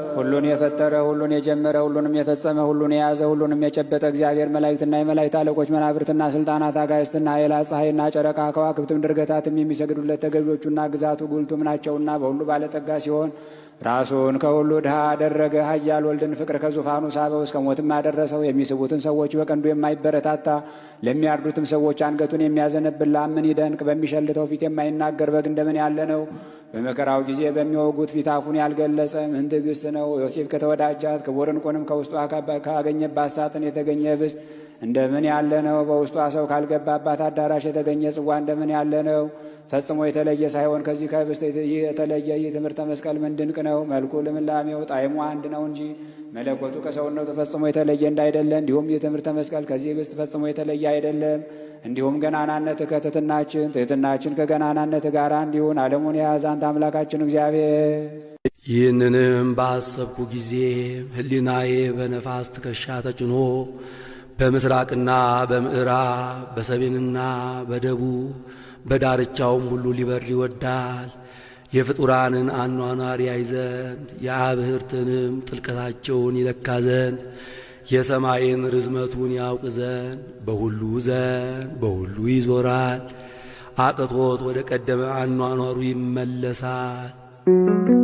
Uh... ሁሉን የፈጠረ ሁሉን የጀመረ ሁሉንም የፈጸመ ሁሉን የያዘ ሁሉንም የጨበጠ እግዚአብሔር መላእክትና የመላእክት አለቆች መናብርትና ስልጣናት አጋእዝትና ኃይላ ፀሐይና ጨረቃ ከዋክብትም ድርገታትም የሚሰግዱለት ተገዦቹና ግዛቱ ጉልቱም ናቸውና በሁሉ ባለጠጋ ሲሆን ራሱን ከሁሉ ድሃ አደረገ። ኃያል ወልድን ፍቅር ከዙፋኑ ሳበው እስከ ሞትም አደረሰው። የሚስቡትን ሰዎች በቀንዱ የማይበረታታ ለሚያርዱትም ሰዎች አንገቱን የሚያዘነብል ላምን ይደንቅ በሚሸልተው ፊት የማይናገር በግ እንደምን ያለ ነው። በመከራው ጊዜ በሚወጉት ፊት አፉን ያልገለጸ ምን ትዕግስት ነው። ነው። ዮሴፍ ከተወዳጃት ክቡር እንቁንም ከውስጧ ካገኘባት ሳጥን የተገኘ ህብስት እንደምን ያለ ነው! በውስጧ ሰው ካልገባባት አዳራሽ የተገኘ ጽዋ እንደምን ያለ ነው! ፈጽሞ የተለየ ሳይሆን ከዚህ ከህብስት የተለየ ይህ ትምህርተ መስቀል ምን ድንቅ ነው! መልኩ፣ ልምላሜው፣ ጣዕሙ አንድ ነው እንጂ መለኮቱ ከሰውነቱ ፈጽሞ የተለየ እንዳይደለ እንዲሁም ትምህርተ መስቀል ከዚህ ህብስት ፈጽሞ የተለየ አይደለም። እንዲሁም ገናናነት ከትሕትናችን፣ ትሕትናችን ከገናናነት ጋር እንዲሁን ዓለሙን የያዛንት አምላካችን እግዚአብሔር ይህንንም ባሰብኩ ጊዜ ሕሊናዬ በነፋስ ትከሻ ተጭኖ በምስራቅና በምዕራብ በሰሜንና በደቡብ በዳርቻውም ሁሉ ሊበር ይወዳል። የፍጡራንን አኗኗር ያይ ዘንድ የአብህርትንም ጥልቀታቸውን ይለካ ዘንድ የሰማይን ርዝመቱን ያውቅ ዘንድ በሁሉ ዘንድ በሁሉ ይዞራል። አቅቶት ወደ ቀደመ አኗኗሩ ይመለሳል።